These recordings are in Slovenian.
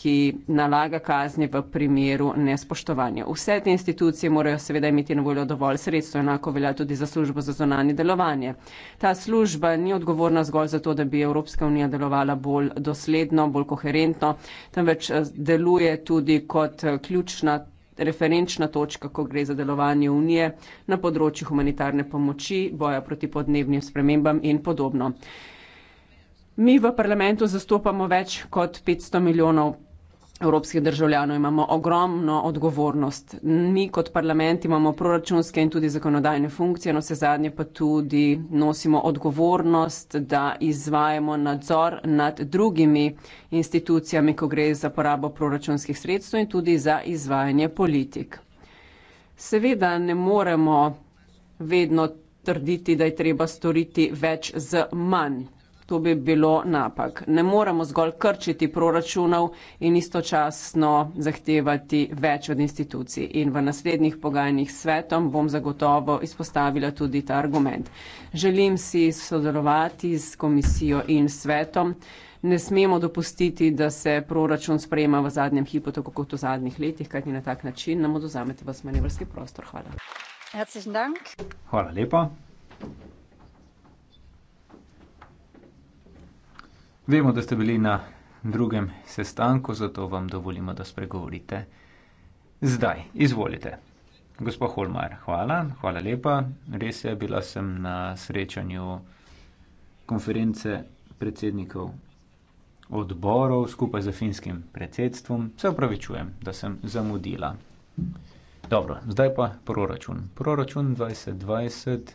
ki nalaga kazni v primeru nespoštovanja. Vse te institucije morajo seveda imeti na voljo dovolj sredstva, enako velja tudi za službo za zonanje delovanje. Ta služba ni odgovorna zgolj za to, da bi Evropska unija delovala bolj dosledno, bolj koherentno, temveč eh, deluje tudi kot eh, ključna referenčna točka, ko gre za delovanje unije na področju humanitarne pomoči, boja proti podnebnim spremembam in podobno. Mi v parlamentu zastopamo več kot 500 milijonov evropskih državljanov imamo ogromno odgovornost. Mi kot parlament imamo proračunske in tudi zakonodajne funkcije, no se zadnje pa tudi nosimo odgovornost, da izvajamo nadzor nad drugimi institucijami, ko gre za porabo proračunskih sredstev in tudi za izvajanje politik. Seveda ne moremo vedno trditi, da je treba storiti več z manj. To bi bilo napak. Ne moremo zgolj krčiti proračunov in istočasno zahtevati več od institucij. In v naslednjih pogajanjih s svetom bom zagotovo izpostavila tudi ta argument. Želim si sodelovati s komisijo in svetom. Ne smemo dopustiti, da se proračun sprejema v zadnjem hipu, tako kot v zadnjih letih, kajti na tak način nam oduzamete vas manevrski prostor. Hvala. Hvala lepa. Vemo, da ste bili na drugem sestanku, zato vam dovolimo, da spregovorite. Zdaj, izvolite. Gospa Holmar, hvala, hvala lepa. Res je, bila sem na srečanju konference predsednikov odborov skupaj z finskim predsedstvom. Se upravičujem, da sem zamudila. Dobro, zdaj pa proračun. Proračun 2020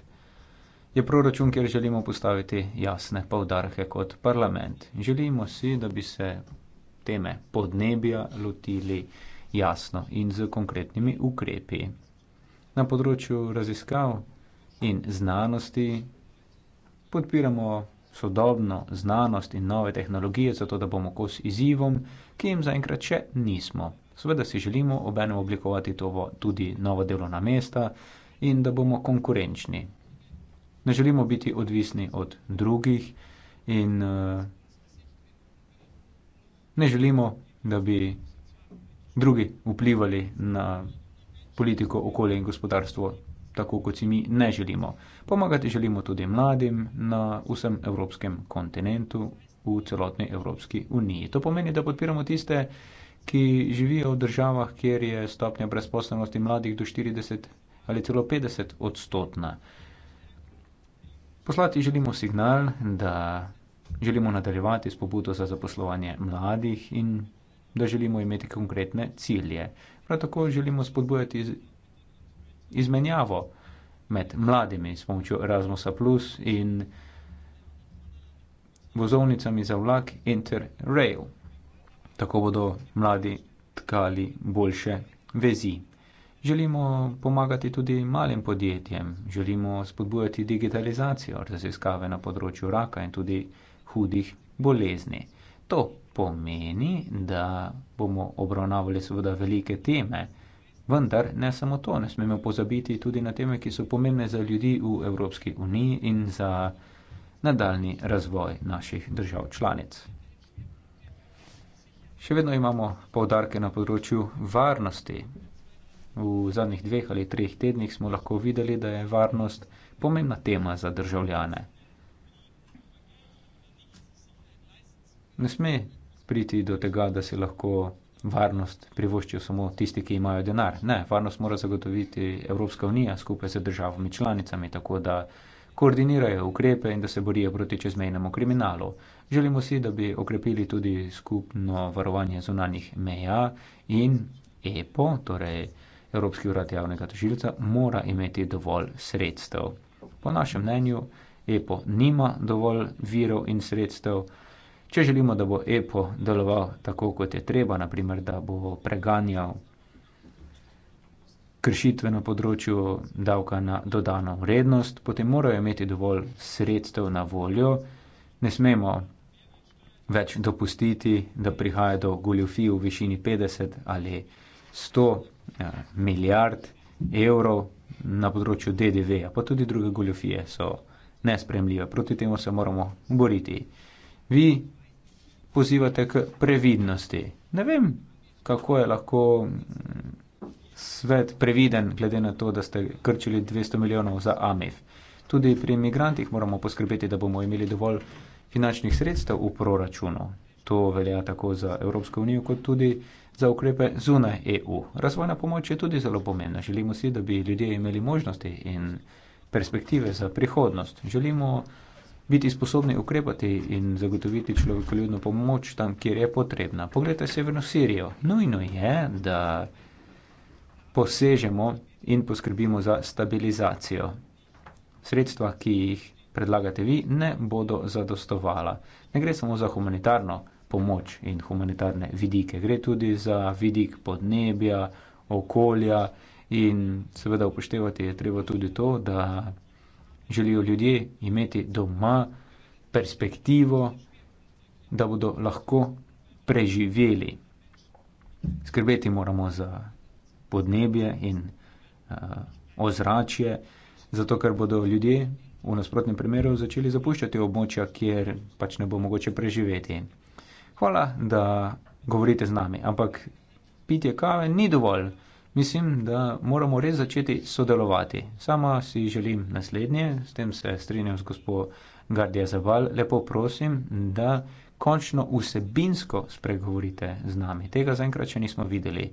je proračun, kjer želimo postaviti jasne povdarke kot parlament. Želimo si, da bi se teme podnebja lotili jasno in z konkretnimi ukrepi. Na področju raziskav in znanosti podpiramo sodobno znanost in nove tehnologije, zato da bomo kos izzivom, ki jim zaenkrat še nismo. Seveda si želimo obenem oblikovati tudi nova delovna mesta in da bomo konkurenčni, ne želimo biti odvisni od drugih in uh, ne želimo, da bi drugi vplivali na politiko, okolje in gospodarstvo, tako kot si mi ne želimo. Pomagati želimo tudi mladim na vsem evropskem kontinentu, v celotni Evropski uniji. To pomeni, da podpiramo tiste, ki živijo v državah, kjer je stopnja brezposobnosti mladih do 40 ali celo 50 odstotna. Uh, Poslati želimo signal, da želimo nadaljevati s pobudo za zaposlovanje mladih in da želimo imeti konkretne cilje. Prav tako želimo spodbujati izmenjavo med mladimi s pomočjo Erasmusa Plus in vozovnicami za vlak Interrail. Tako bodo mladi tkali boljše vezi. Želimo pomagati tudi malim podjetjem, želimo spodbujati digitalizacijo, raziskave na področju raka in tudi hudih bolezni. To pomeni, da bomo obravnavali seveda velike teme, vendar ne samo to, ne smemo pozabiti tudi na teme, ki so pomembne za ljudi v Evropski uniji in za nadaljni razvoj naših držav članic. Še vedno imamo povdarke na področju varnosti. V zadnjih dveh ali treh tednih smo lahko videli, da je varnost pomembna tema za državljane. Ne sme priti do tega, da si lahko varnost privoščijo samo tisti, ki imajo denar. Ne, varnost mora zagotoviti Evropska unija skupaj z državami članicami, tako da koordinirajo ukrepe in da se borijo proti čezmejnemu kriminalu. Želimo si, da bi okrepili tudi skupno varovanje zunanjih meja in EPO, torej. Evropski urad javnega tožilca mora imeti dovolj sredstev. Po našem mnenju EPO nima dovolj virov in sredstev. Če želimo, da bo EPO deloval tako, kot je treba, naprimer, da bo preganjal kršitve na področju davka na dodano vrednost, potem morajo imeti dovolj sredstev na voljo. Ne smemo več dopustiti, da prihaja do goljofij v višini 50 ali 100 Ja, milijard evrov na področju DDV, pa tudi druge goljofije so nespremljive. Proti temu se moramo boriti. Vi pozivate k previdnosti. Ne vem, kako je lahko mm, svet previden, glede na to, da ste krčili 200 milijonov za AMIF. E tudi pri imigrantih moramo poskrbeti, da bomo imeli dovolj finančnih sredstev v proračunu. To velja tako za Evropsko unijo, kot tudi za ukrepe zunaj EU. Razvojna pomoč je tudi zelo pomembna. Želimo si, da bi ljudje imeli možnosti in perspektive za prihodnost. Želimo biti sposobni ukrepati in zagotoviti človekoljubno pomoč tam, kjer je potrebna. Poglejte severno Sirijo. Nujno je, da posežemo in poskrbimo za stabilizacijo. Sredstva, ki jih predlagate vi, ne bodo zadostovala. Ne gre samo za humanitarno pomoč in humanitarne vidike. Gre tudi za vidik podnebja, okolja in seveda upoštevati je treba tudi to, da želijo ljudje imeti doma perspektivo, da bodo lahko preživeli. Skrbeti moramo za podnebje in uh, ozračje, zato ker bodo ljudje v nasprotnem primeru začeli zapuščati območja, kjer pač ne bo mogoče preživeti hvala, da govorite z nami. Ampak pitje kave ni dovolj. Mislim, da moramo res začeti sodelovati. Sama si želim naslednje, s tem se strinjam z gospod Gardija Zaval, lepo prosim, da končno vsebinsko spregovorite z nami. Tega zaenkrat še nismo videli.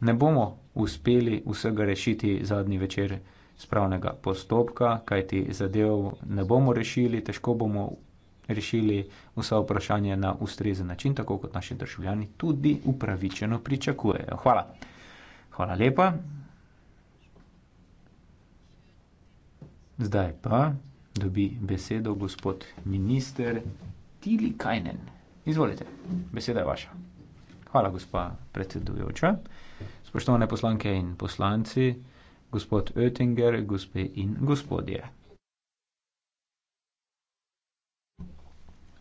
Ne bomo uspeli vsega rešiti zadnji večer spravnega postopka, kajti zadev ne bomo rešili, težko bomo rešili vsa vprašanja na ustrezen način, tako kot naši državljani tudi upravičeno pričakujejo. Hvala. Hvala lepa. Zdaj pa dobi besedo gospod minister Tili Kajnen. Izvolite, beseda je vaša. Hvala, gospa predsedujoča. Spoštovane poslanke in poslanci, gospod Oettinger, gospe in gospodje.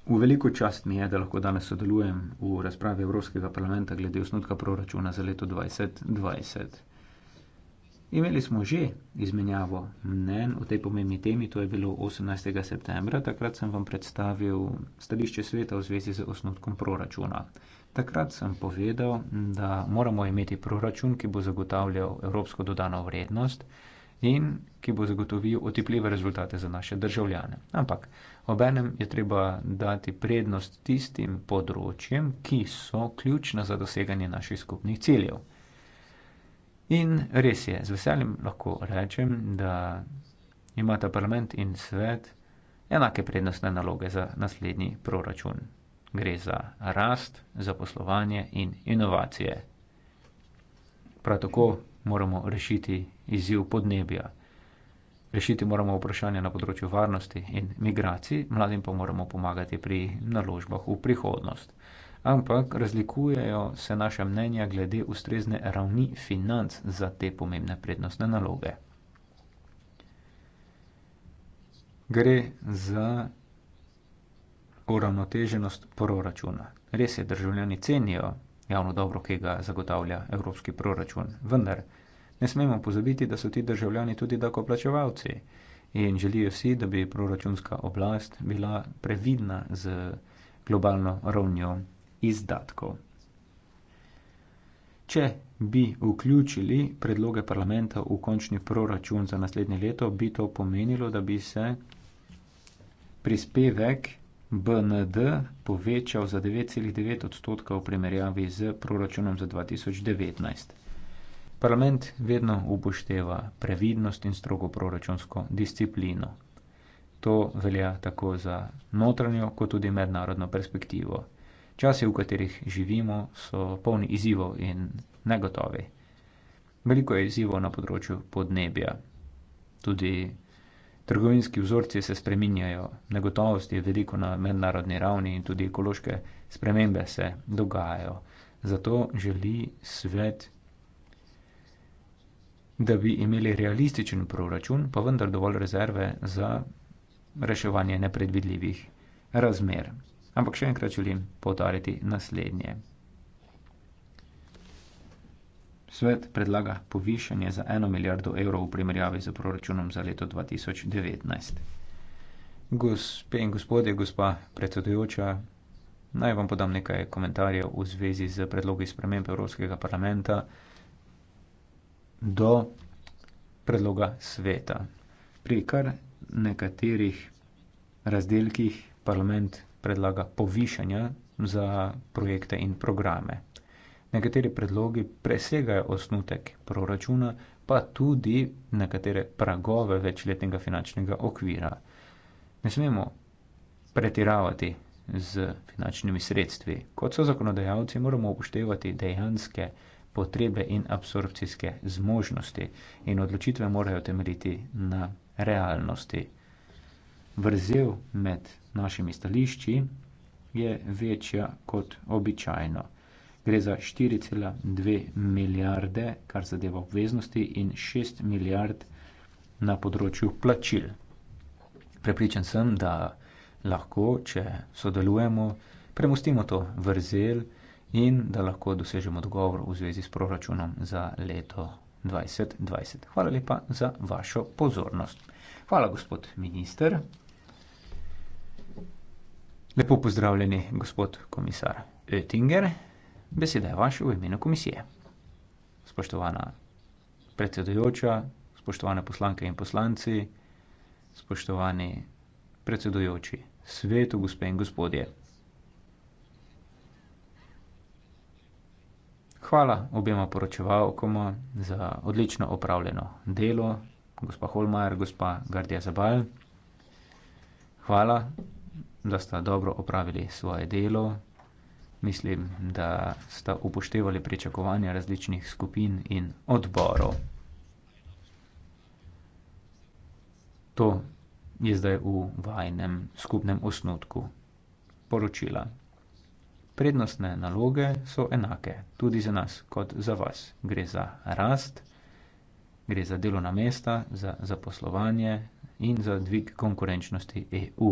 V veliko čast mi je, da lahko danes sodelujem v razpravi Evropskega parlamenta glede osnutka proračuna za leto 2020. Imeli smo že izmenjavo mnen o tej pomembni temi, to je bilo 18. septembra. Takrat sem vam predstavil stališče sveta v zvezi z osnutkom proračuna. Takrat sem povedal, da moramo imeti proračun, ki bo zagotavljal evropsko dodano vrednost in ki bo zagotovil otipljive rezultate za naše državljane. Ampak obenem je treba dati prednost tistim področjem, ki so ključna za doseganje naših skupnih ciljev. In res je, z veseljem lahko rečem, da imata parlament in svet enake prednostne naloge za naslednji proračun. Gre za rast, zaposlovanje in inovacije. Prav tako moramo rešiti izziv podnebja. Rešiti moramo vprašanje na področju varnosti in migracij, mladim pa moramo pomagati pri naložbah v prihodnost. Ampak razlikujejo se naša mnenja glede ustrezne ravni financ za te pomembne prednostne naloge. Gre za uravnoteženost proračuna. Res je, državljani cenijo javno dobro, ki ga zagotavlja evropski proračun, vendar. Ne smemo pozabiti, da so ti državljani tudi davkoplačevalci in želijo si, da bi proračunska oblast bila previdna z globalno ravnjo izdatkov. Če bi vključili predloge parlamenta v končni proračun za naslednje leto, bi to pomenilo, da bi se prispevek BND povečal za 9,9 odstotka v primerjavi z proračunom za 2019. Parlament vedno upošteva previdnost in strogo proračunsko disciplino. To velja tako za notranjo, kot tudi mednarodno perspektivo. Časi, v katerih živimo, so polni izzivov in negotovi. Veliko je izzivov na področju podnebja. Tudi trgovinski vzorci se spreminjajo, negotovosti je veliko na mednarodni ravni in tudi ekološke spremembe se dogajajo. Zato želi svet da bi imeli realističen proračun, pa vendar dovolj rezerve za reševanje nepredvidljivih razmer. Ampak še enkrat želim povdariti naslednje. Svet predlaga povišanje za eno milijardo evrov v primerjavi z proračunom za leto 2019. Gospe in gospode, gospa predsedujoča, naj vam podam nekaj komentarjev v zvezi z predlogi sprememb Evropskega parlamenta do predloga sveta. Pri kar nekaterih razdelkih parlament predlaga povišanja za projekte in programe. Nekateri predlogi presegajo osnutek proračuna, pa tudi nekatere pragove večletnega finančnega okvira. Ne smemo pretiravati z finančnimi sredstvi. Kot so zakonodajalci, moramo upoštevati dejanske potrebe in absorpcijske zmožnosti in odločitve morajo temeljiti na realnosti. Vrzel med našimi stališči je večja kot običajno. Gre za 4,2 milijarde, kar zadeva obveznosti, in 6 milijard na področju plačil. Prepričan sem, da lahko, če sodelujemo, premustimo to vrzel in da lahko dosežemo odgovor v zvezi s proračunom za leto 2020. Hvala lepa za vašo pozornost. Hvala, gospod minister. Lepo pozdravljeni, gospod komisar Oettinger. Beseda je vaša v imenu komisije. Spoštovana predsedujoča, spoštovane poslanke in poslanci, spoštovani predsedujoči svetu, gospe in gospodje. Hvala obema poročevalkoma za odlično opravljeno delo, gospa Holmajer, gospa Gardija Zabal. Hvala, da sta dobro opravili svoje delo. Mislim, da sta upoštevali pričakovanja različnih skupin in odborov. To je zdaj v vajnem skupnem osnutku poročila. Prednostne naloge so enake tudi za nas kot za vas. Gre za rast, gre za delovna mesta, za zaposlovanje in za dvig konkurenčnosti EU.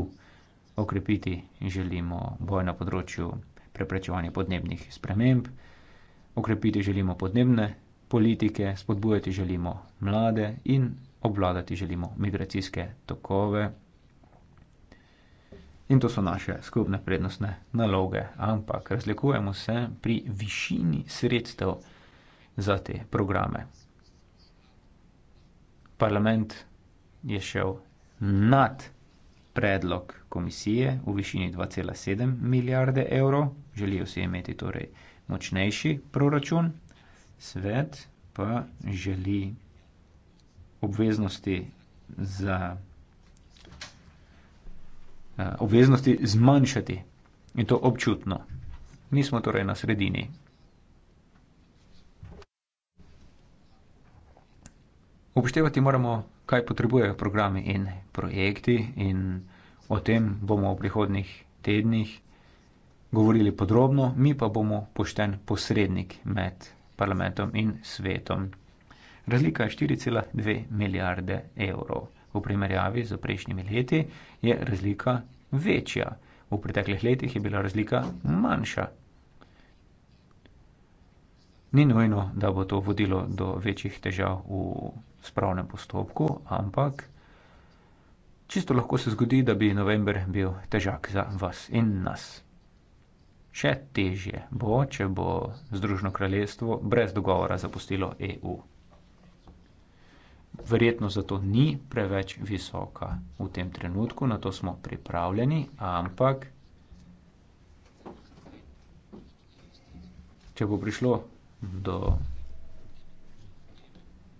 Okrepiti želimo boj na področju preprečevanja podnebnih sprememb, okrepiti želimo podnebne politike, spodbujati želimo mlade in obvladati želimo migracijske tokove. In to so naše skupne prednostne naloge, ampak razlikujemo se pri višini sredstev za te programe. Parlament je šel nad predlog komisije v višini 2,7 milijarde evrov, želijo si imeti torej močnejši proračun, svet pa želi obveznosti za Eh, obveznosti zmanjšati in to občutno. Mi smo torej na sredini. Upoštevati moramo, kaj potrebujejo programi in projekti in o tem bomo v prihodnih tednih govorili podrobno, mi pa bomo pošten posrednik med parlamentom in svetom. Razlika je 4,2 milijarde evrov v primerjavi z prejšnjimi leti, je razlika večja. V preteklih letih je bila razlika manjša. Ni nujno, da bo to vodilo do večjih težav v spravnem postopku, ampak čisto lahko se zgodi, da bi november bil težak za vas in nas. Še težje bo, če bo Združeno kraljestvo brez dogovora zapustilo EU verjetno zato ni preveč visoka v tem trenutku, na to smo pripravljeni, ampak če bo prišlo do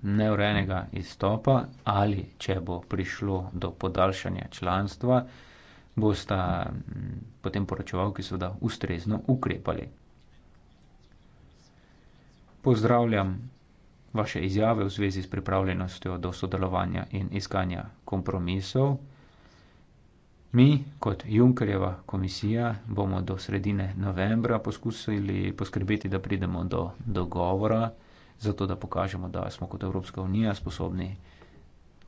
neurejenega izstopa ali če bo prišlo do podaljšanja članstva, bosta mm, potem poročevalki seveda ustrezno ukrepali. Pozdravljam vaše izjave v zvezi s pripravljenostjo do sodelovanja in iskanja kompromisov. Mi, kot Junkerjeva komisija, bomo do sredine novembra poskusili poskrbeti, da pridemo do dogovora, zato da pokažemo, da smo kot Evropska unija sposobni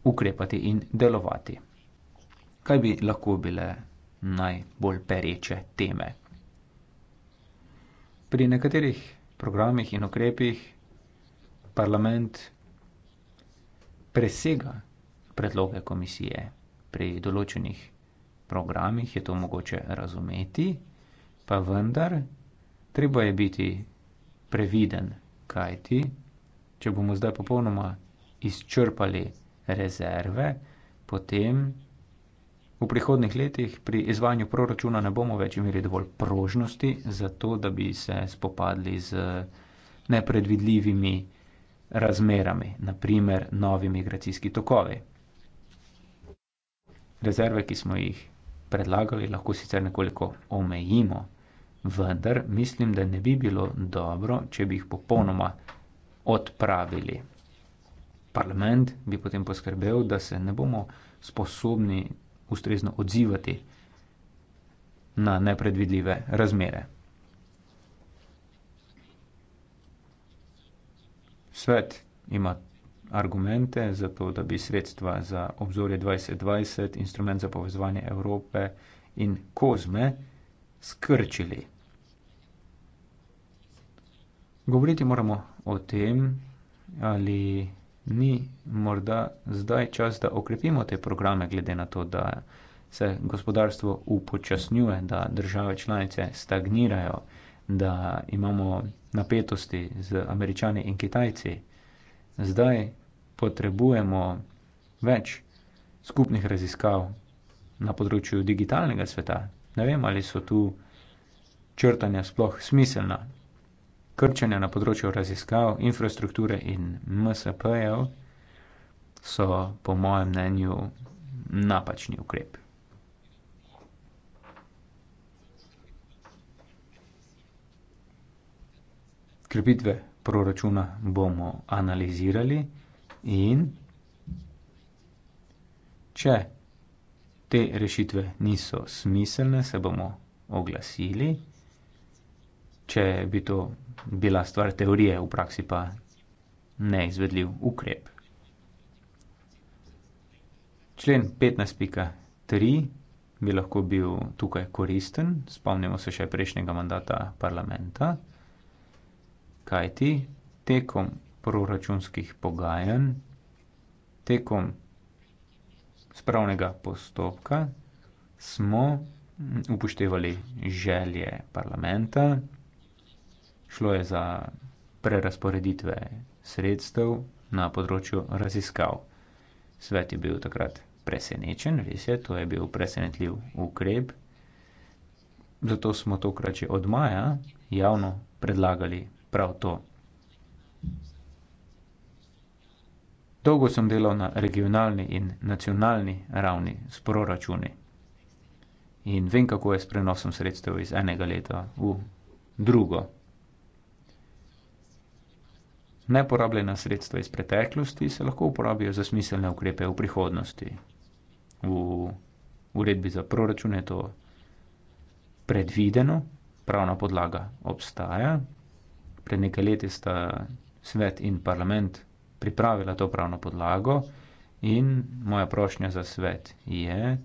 ukrepati in delovati. Kaj bi lahko bile najbolj pereče teme? Pri nekaterih programih in ukrepih parlament presega predloge komisije pri določenih programih, je to mogoče razumeti, pa vendar treba je biti previden, kajti, če bomo zdaj popolnoma izčrpali rezerve, potem v prihodnih letih pri izvajanju proračuna ne bomo več imeli dovolj prožnosti za to, da bi se spopadli z nepredvidljivimi razmerami, naprimer novi migracijski tokovi. Rezerve, ki smo jih predlagali, lahko sicer nekoliko omejimo, vendar mislim, da ne bi bilo dobro, če bi jih popolnoma odpravili. Parlament bi potem poskrbel, da se ne bomo sposobni ustrezno odzivati na nepredvidljive razmere. svet ima argumente za to, da bi sredstva za obzorje 2020, instrument za povezovanje Evrope in kozme skrčili. Govoriti moramo o tem, ali ni morda zdaj čas, da okrepimo te programe, glede na to, da se gospodarstvo upočasnjuje, da države članice stagnirajo, da imamo napetosti z američani in kitajci zdaj potrebujemo več skupnih raziskav na področju digitalnega sveta ne vem ali so tu črtanja sploh smiselna krčenja na področju raziskav infrastrukture in msp-jev so po mojem mnenju napačni ukrepi krepitve proračuna bomo analizirali in če te rešitve niso smiselne, se bomo oglasili. Če bi to bila stvar teorije, v praksi pa neizvedljiv ukrep. Člen 15.3 bi lahko bil tukaj koristen, spomnimo se še prejšnjega mandata parlamenta kajti tekom proračunskih pogajanj, tekom spravnega postopka smo upoštevali želje parlamenta, šlo je za prerazporeditve sredstev na področju raziskav. Svet je bil takrat presenečen, res je, to je bil presenetljiv ukrep, zato smo tokrat že od maja javno predlagali prav to. Dolgo sem delal na regionalni in nacionalni ravni s proračuni in vem, kako je s prenosom sredstev iz enega leta v drugo. Neporabljena sredstva iz preteklosti se lahko uporabijo za smiselne ukrepe v prihodnosti. V uredbi za proračun je to predvideno, pravna podlaga obstaja, pred nekaj leti sta svet in parlament pripravila to pravno podlago in moja prošnja za svet je,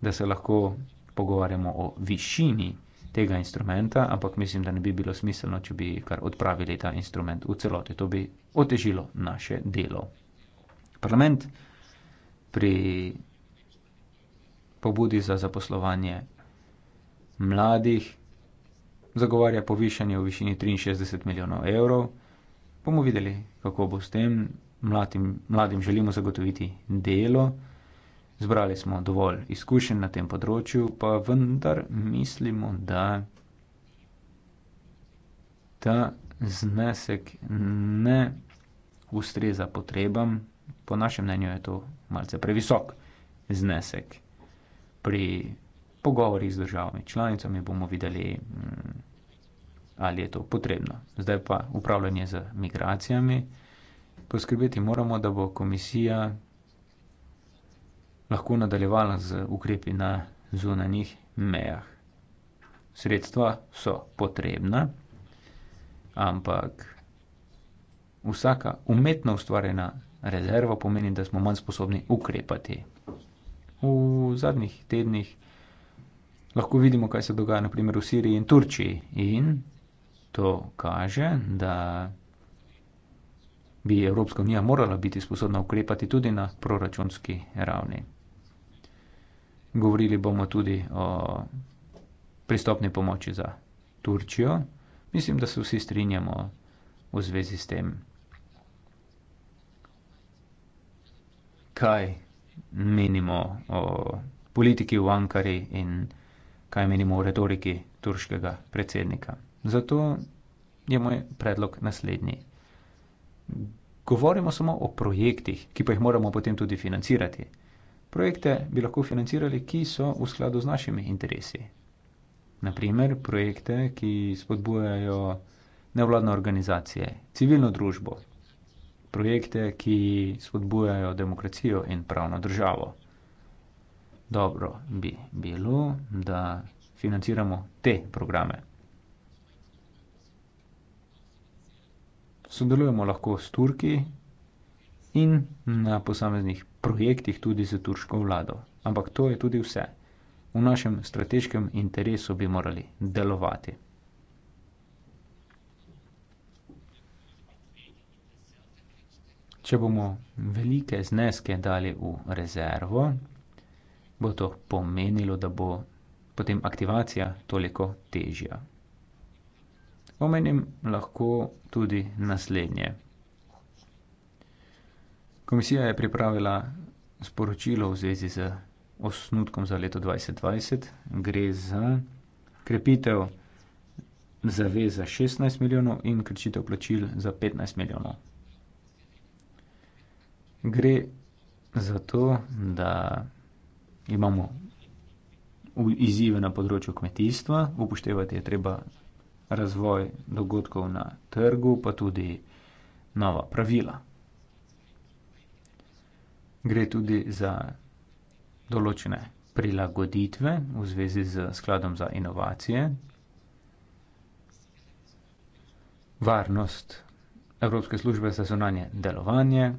da se lahko pogovarjamo o višini tega instrumenta, ampak mislim, da ne bi bilo smiselno, če bi kar odpravili ta instrument v celoti. To bi otežilo naše delo. Parlament pri pobudi za zaposlovanje mladih zagovarja povišanje v višini 63 milijonov evrov. Bomo videli, kako bo s tem. Mladim, mladim želimo zagotoviti delo. Zbrali smo dovolj izkušenj na tem področju, pa vendar mislimo, da ta znesek ne ustreza potrebam. Po našem mnenju je to malce previsok znesek pri pogovori z državami članicami bomo videli, mm, ali je to potrebno. Zdaj pa upravljanje z migracijami. Poskrbeti moramo, da bo komisija lahko nadaljevala z ukrepi na zunanjih mejah. Sredstva so potrebna, ampak vsaka umetno ustvarjena rezerva pomeni, da smo manj sposobni ukrepati. V zadnjih tednih lahko vidimo, kaj se dogaja naprimer v Siriji in Turčiji. In to kaže, da bi Evropska unija morala biti sposobna ukrepati tudi na proračunski ravni. Govorili bomo tudi o pristopni pomoči za Turčijo. Mislim, da se vsi strinjamo v zvezi s tem. Kaj menimo o politiki v Ankari in Turčiji? kaj menimo o retoriki turškega predsednika. Zato je moj predlog naslednji. Govorimo samo o projektih, ki pa jih moramo potem tudi financirati. Projekte bi lahko financirali, ki so v skladu z našimi interesi. Naprimer, projekte, ki spodbujajo nevladne organizacije, civilno družbo, projekte, ki spodbujajo demokracijo in pravno državo dobro bi bilo, da financiramo te programe. Sodelujemo lahko s Turki in na posameznih projektih tudi z turško vlado. Ampak to je tudi vse. V našem strateškem interesu bi morali delovati. Če bomo velike zneske dali v rezervo, bo to pomenilo, da bo potem aktivacija toliko težja. Omenim lahko tudi naslednje. Komisija je pripravila sporočilo v zvezi z osnutkom za leto 2020. Gre za krepitev zaveza za 16 milijonov in krčitev plačil za 15 milijonov. Gre za to, da imamo izzive na področju kmetijstva, upoštevati je treba razvoj dogodkov na trgu, pa tudi nova pravila. Gre tudi za določene prilagoditve v zvezi z skladom za inovacije. Varnost Evropske službe za zunanje delovanje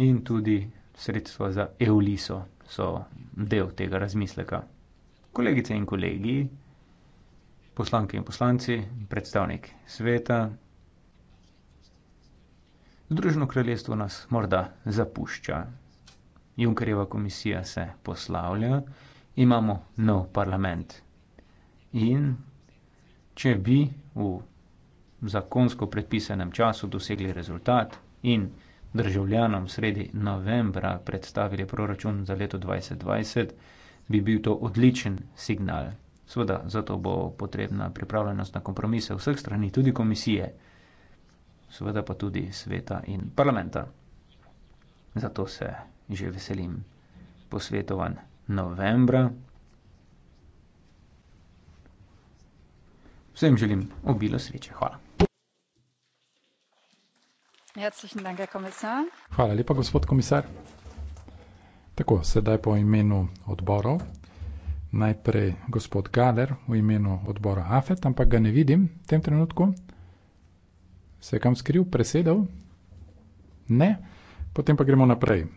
in tudi sredstva za EULISO, so del tega razmisleka. Kolegice in kolegi, poslanke in poslanci, predstavnik sveta, Združeno kraljestvo nas morda zapušča. Junkerjeva komisija se poslavlja, imamo nov parlament. In če bi v zakonsko predpisanem času dosegli rezultat in državljanom sredi novembra predstavili proračun za leto 2020, bi bil to odličen signal. Sveda, zato bo potrebna pripravljenost na kompromise vseh strani, tudi komisije, sveda pa tudi sveta in parlamenta. Zato se že veselim posvetovan novembra. Vsem želim obilo sreče. Hvala. Hvala lepa, gospod komisar. Tako, sedaj po imenu odborov. Najprej gospod Galer v imenu odbora AFET, ampak ga ne vidim v tem trenutku. Se je kam skril, presedel? Ne. Potem pa gremo naprej.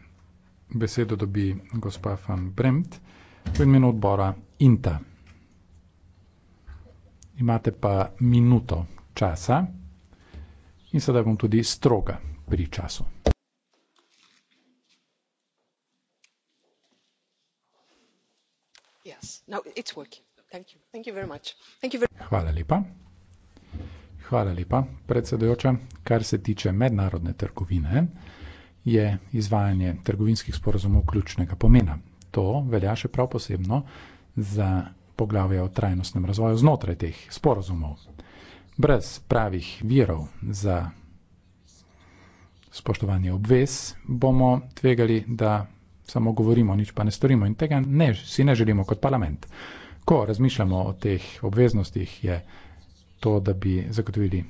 Besedo dobi gospa van Bremt v imenu odbora INTA. Imate pa minuto časa in sedaj bom tudi stroga pri času. No, Hvala lepa. Hvala lepa, predsedujoča. Kar se tiče mednarodne trgovine, je izvajanje trgovinskih sporozumov ključnega pomena. To velja še prav posebno za poglavje o trajnostnem razvoju znotraj teh sporozumov. Brez pravih virov za spoštovanje obvez bomo tvegali, da samo govorimo, nič pa ne storimo in tega ne, si ne želimo kot parlament. Ko razmišljamo o teh obveznostih, je to, da bi zagotovili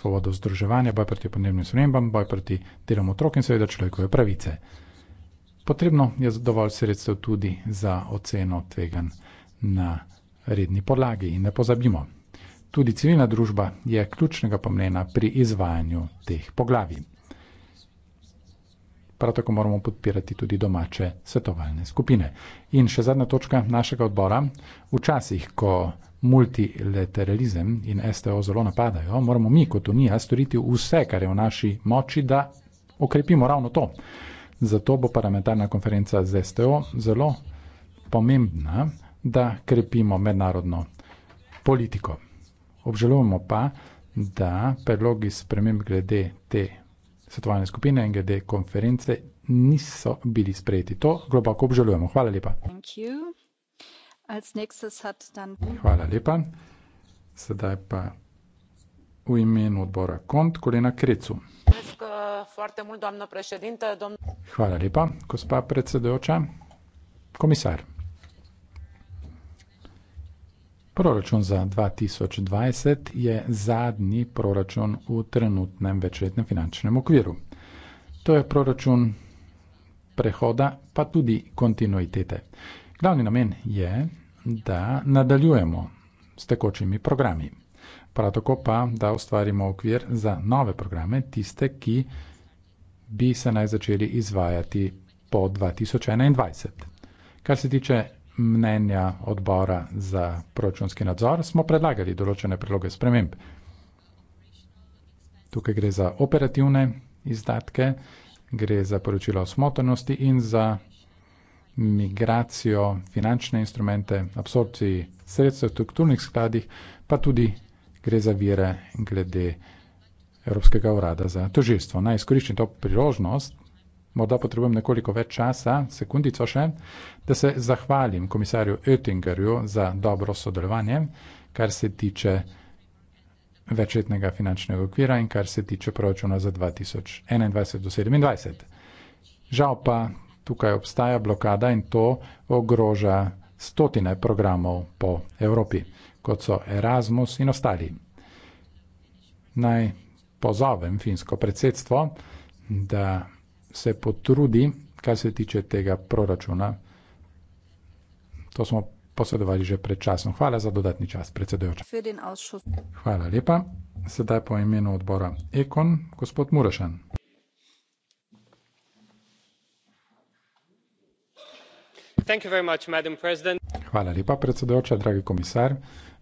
svobodo združevanja, boj proti podnebnim spremembam, boj proti delom otrok in seveda človekove pravice. Potrebno je dovolj sredstev tudi za oceno tveganj na redni podlagi in ne pozabimo. Tudi civilna družba je ključnega pomena pri izvajanju teh poglavij. Prav tako moramo podpirati tudi domače svetovalne skupine. In še zadnja točka našega odbora. Včasih, ko multilateralizem in STO zelo napadajo, moramo mi kot Unija storiti vse, kar je v naši moči, da okrepimo ravno to. Zato bo parlamentarna konferenca z STO zelo pomembna, da krepimo mednarodno politiko. Obžalujemo pa, da predlogi sprememb glede te svetovalne skupine in glede konference niso bili sprejeti. To globoko obžalujemo. Hvala lepa. Hvala lepa. Sedaj pa v imenu odbora KONT, kolena Krecu. Uh, Hvala lepa, gospa predsedujoča. Komisar. Proračun za 2020 je zadnji proračun v trenutnem večletnem finančnem okviru. To je proračun prehoda, pa tudi kontinuitete. Glavni namen je, da nadaljujemo s tekočimi programi. Prav tako pa, da ustvarimo okvir za nove programe, tiste, ki bi se naj začeli izvajati po 2021. Kar se tiče mnenja odbora za proračunski nadzor, smo predlagali določene priloge sprememb. Tukaj gre za operativne izdatke, gre za poročilo o smotrnosti in za migracijo, finančne instrumente, absorpciji sredstev v strukturnih skladih, pa tudi gre za vire glede Evropskega urada za tožilstvo. Naj izkoriščim to priložnost, morda potrebujem nekoliko več časa, sekundico še, da se zahvalim komisarju Oettingerju za dobro sodelovanje, kar se tiče večletnega finančnega okvira in kar se tiče proračuna za 2021 do 2027. Žal pa tukaj obstaja blokada in to ogroža stotine programov po Evropi, kot so Erasmus in ostali. Naj pozovem finsko predsedstvo, da se potrudi, kar se tiče tega proračuna. To smo posredovali že pred časom. Hvala za dodatni čas, predsedujoča. Hvala lepa. Sedaj po imenu odbora Ekon, gospod Murašan. Hvala lepa, predsedujoča, dragi komisar.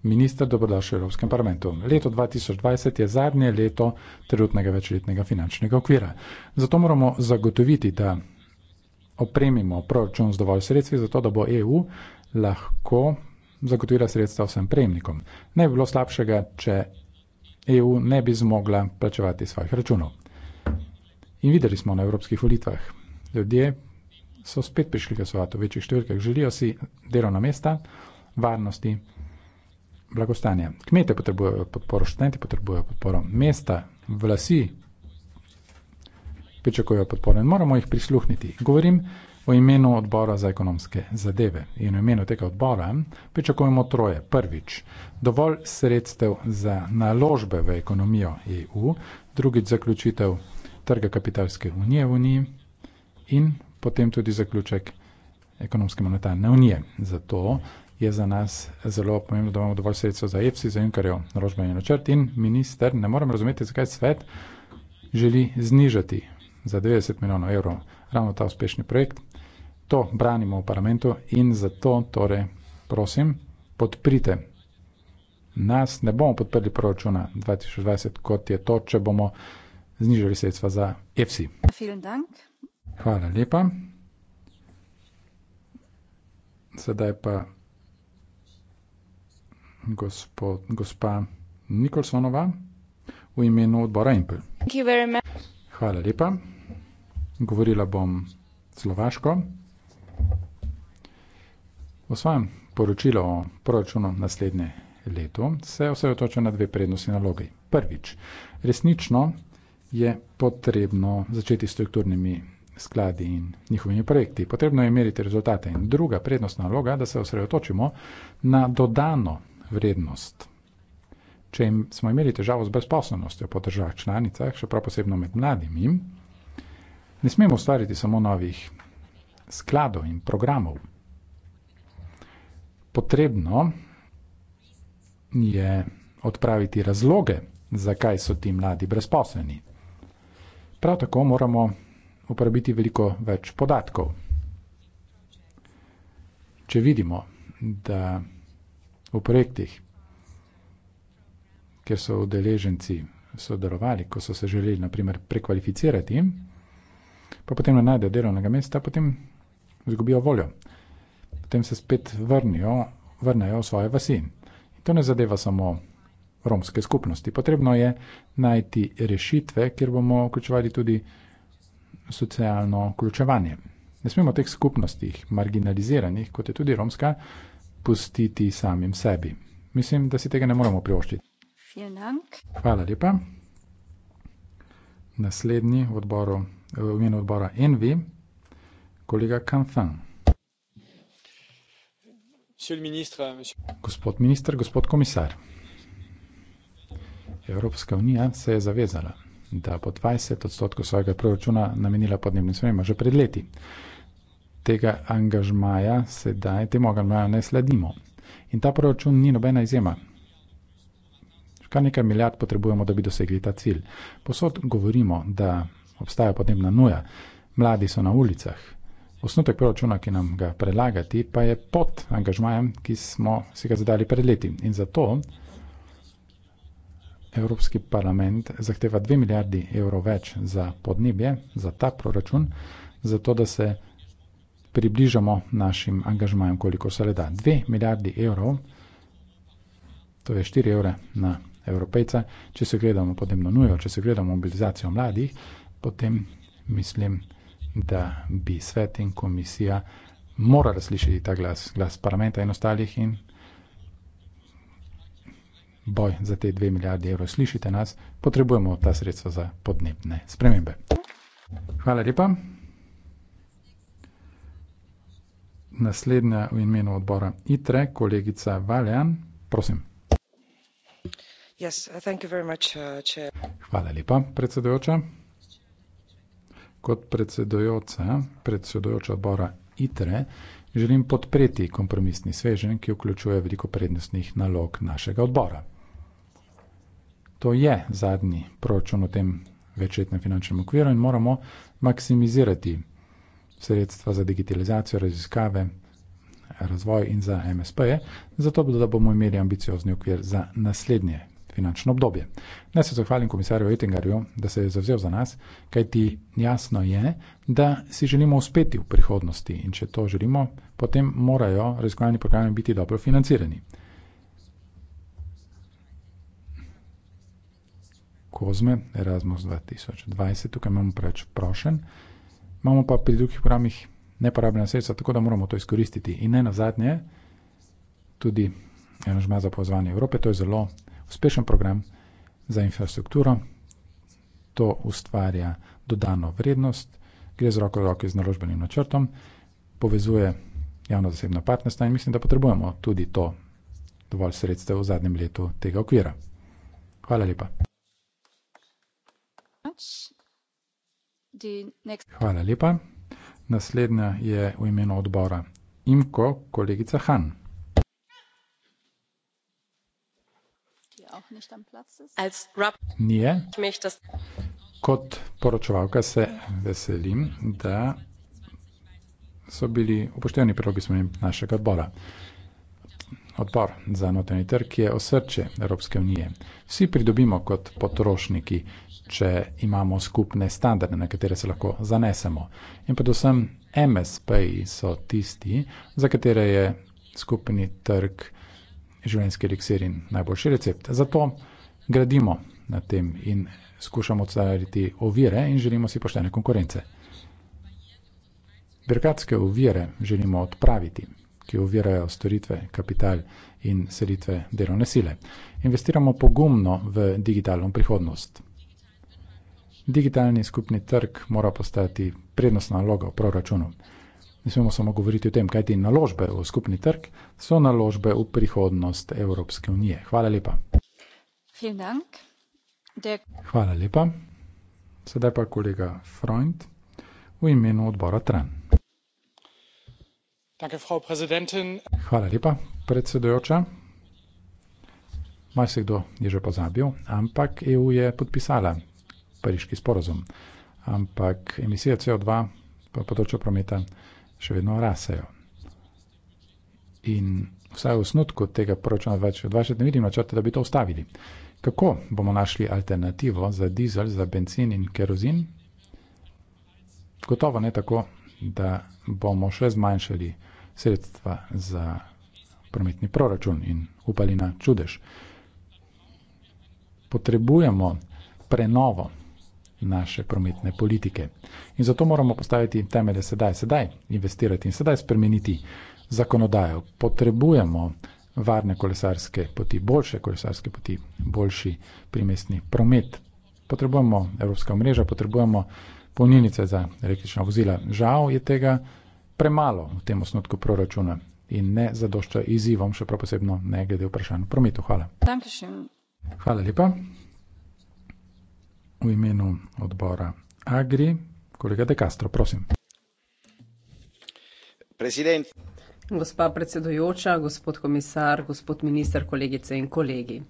Minister, dobrodošli v Evropskem parlamentu. Leto 2020 je zadnje leto trenutnega večletnega finančnega okvira. Zato moramo zagotoviti, da opremimo proračun z dovolj sredstvi, zato da bo EU lahko zagotovila sredstva vsem prejemnikom. Ne bi bilo slabšega, če EU ne bi zmogla plačevati svojih računov. In videli smo na evropskih volitvah. Ljudje so spet prišli glasovati v večjih številkah. Želijo si delovna mesta, varnosti, blagostanja. Kmete potrebujejo podporo, študenti potrebujejo podporo, mesta, vlasi pričakujejo podporo in moramo jih prisluhniti. Govorim o imenu odbora za ekonomske zadeve in o imenu tega odbora pričakujemo troje. Prvič, dovolj sredstev za naložbe v ekonomijo EU, drugič zaključitev trga kapitalske unije v uniji in potem tudi zaključek ekonomske monetarne unije. Zato je za nas zelo pomembno, da imamo dovolj sredstva za EPSI, za Junkarjev naročbeni načrt in minister ne morem razumeti, zakaj svet želi znižati za 90 milijonov evrov ravno ta uspešni projekt. To branimo v parlamentu in zato torej prosim, podprite nas, ne bomo podprli proračuna 2020, kot je to, če bomo znižali sredstva za EPSI. Hvala lepa. Sedaj pa gospod, gospa Nikolsonova v imenu odbora Impel. Hvala lepa. Govorila bom slovaško. V svojem poročilu o proračunu naslednje leto se osredotočam na dve prednostni nalogi. Prvič, resnično je potrebno začeti s strukturnimi skladi in njihovimi projekti. Potrebno je meriti rezultate in druga prednostna naloga, da se osredotočimo na dodano vrednost. Če smo imeli težavo z brezposobnostjo po državah članicah, še prav posebno med mladimi, ne smemo ustvariti samo novih skladov in programov. Potrebno je odpraviti razloge, zakaj so ti mladi brezposobni. Prav tako moramo uporabiti veliko več podatkov. Če vidimo, da v projektih, kjer so udeleženci sodelovali, ko so se želeli naprimer prekvalificirati, pa potem ne najdejo delovnega mesta, potem izgubijo voljo. Potem se spet vrnijo, vrnejo v svoje vasi. In to ne zadeva samo romske skupnosti. Potrebno je najti rešitve, kjer bomo vključevali tudi socialno vključevanje. Ne smemo teh skupnostih, marginaliziranih, kot je tudi romska, pustiti samim sebi. Mislim, da si tega ne moremo privoščiti. Hvala lepa. Naslednji v odboru, eh, v imenu odbora NV, kolega Kanfan. Ministre, gospod minister, gospod komisar. Evropska unija se je zavezala da bo 20 odstotkov svojega proračuna namenila podnebnim spremembam že pred leti. Tega angažmaja sedaj, temu angažmaja ne sledimo. In ta proračun ni nobena izjema. Kar nekaj milijard potrebujemo, da bi dosegli ta cilj. Posod govorimo, da obstaja podnebna nuja, mladi so na ulicah. Osnutek proračuna, ki nam ga predlagati, pa je pod angažmajem, ki smo si ga zadali pred leti. In zato Evropski parlament zahteva 2 milijardi evrov več za podnebje, za ta proračun, zato da se približamo našim angažmajem, koliko se le da. 2 milijardi evrov, to je 4 evre na evropejca, če se gledamo podnebno nujo, če se gledamo mobilizacijo mladih, potem mislim, da bi svet in komisija morala slišati ta glas, glas parlamenta in ostalih in boj za te dve milijarde evrov, slišite nas, potrebujemo ta sredstva za podnebne spremembe. Hvala lepa. Naslednja v imenu odbora ITRE, kolegica Valjan, prosim. Uh, Hvala lepa, predsedujoča. Kot predsedujoča, predsedujoča odbora ITRE, želim podpreti kompromisni sveženj, ki vključuje veliko prednostnih nalog našega odbora to je zadnji proračun v tem večletnem finančnem okviru in moramo maksimizirati sredstva za digitalizacijo, raziskave, razvoj in za MSP-je, zato da bomo imeli ambiciozni okvir za naslednje finančno obdobje. Naj se zahvalim komisarju Ettingerju, da se je zavzel za nas, kaj ti jasno je, da si želimo uspeti v prihodnosti in če to želimo, potem morajo raziskovalni programi biti dobro financirani. Kozme, Erasmus 2020, tukaj imamo preveč prošen, imamo pa pri drugih programih neporabljena sredstva, tako da moramo to izkoristiti. In ne nazadnje, tudi enožma za pozvanje Evrope, to je zelo uspešen program za infrastrukturo, to ustvarja dodano vrednost, gre z roko v roki z naložbenim načrtom, povezuje javno-zasebno partnerstvo in mislim, da potrebujemo tudi to dovolj sredstev v zadnjem letu tega okvira. Hvala lepa. Pač Hvala lepa. Naslednja je v imenu odbora IMKO, kolegica Han. Ni je. Kot poročevalka se veselim, da so bili upoštevani predlogi sprememb našega odbora. Odbor za notranji trg je osrče Evropske unije. Vsi pridobimo kot potrošniki, če imamo skupne standarde, na katere se lahko zanesemo. In predvsem MSP-ji so tisti, za katere je skupni trg življenjski eliksir in najboljši recept. Zato gradimo na tem in skušamo odstaviti ovire in želimo si poštene konkurence. Birokratske ovire želimo odpraviti ki ovirajo storitve, kapital in selitve delovne sile. Investiramo pogumno v digitalno prihodnost. Digitalni skupni trg mora postati prednostna naloga v proračunu. Ne smemo samo govoriti o tem, kaj ti naložbe v skupni trg so naložbe v prihodnost Evropske unije. Hvala lepa. Hvala lepa. Sedaj pa kolega Freund v imenu odbora Tran. Hvala lepa, predsedujoča. Maj se kdo je že pozabil, ampak EU je podpisala pariški sporozum. Ampak emisije CO2 po področju prometa še vedno rasejo. In vsaj v snutku tega proračuna 2020 ne vidim načrta, da bi to ustavili. Kako bomo našli alternativo za dizel, za benzin in kerozin? Gotovo ne tako, da bomo še zmanjšali sredstva za prometni proračun in upali na čudež. Potrebujemo prenovo naše prometne politike. In zato moramo postaviti temelje sedaj, sedaj investirati in sedaj spremeniti zakonodajo. Potrebujemo varne kolesarske poti, boljše kolesarske poti, boljši primestni promet. Potrebujemo evropska mreža, potrebujemo polnilnice za električna vozila. Žal je tega premalo v tem osnutku proračuna in ne zadošča izzivom, še prav posebno ne glede vprašanj v prometu. Hvala. Dankeschön. Hvala lepa. V imenu odbora Agri, kolega De Castro, prosim. Prezident. Gospa predsedujoča, gospod komisar, gospod minister, kolegice in kolegi.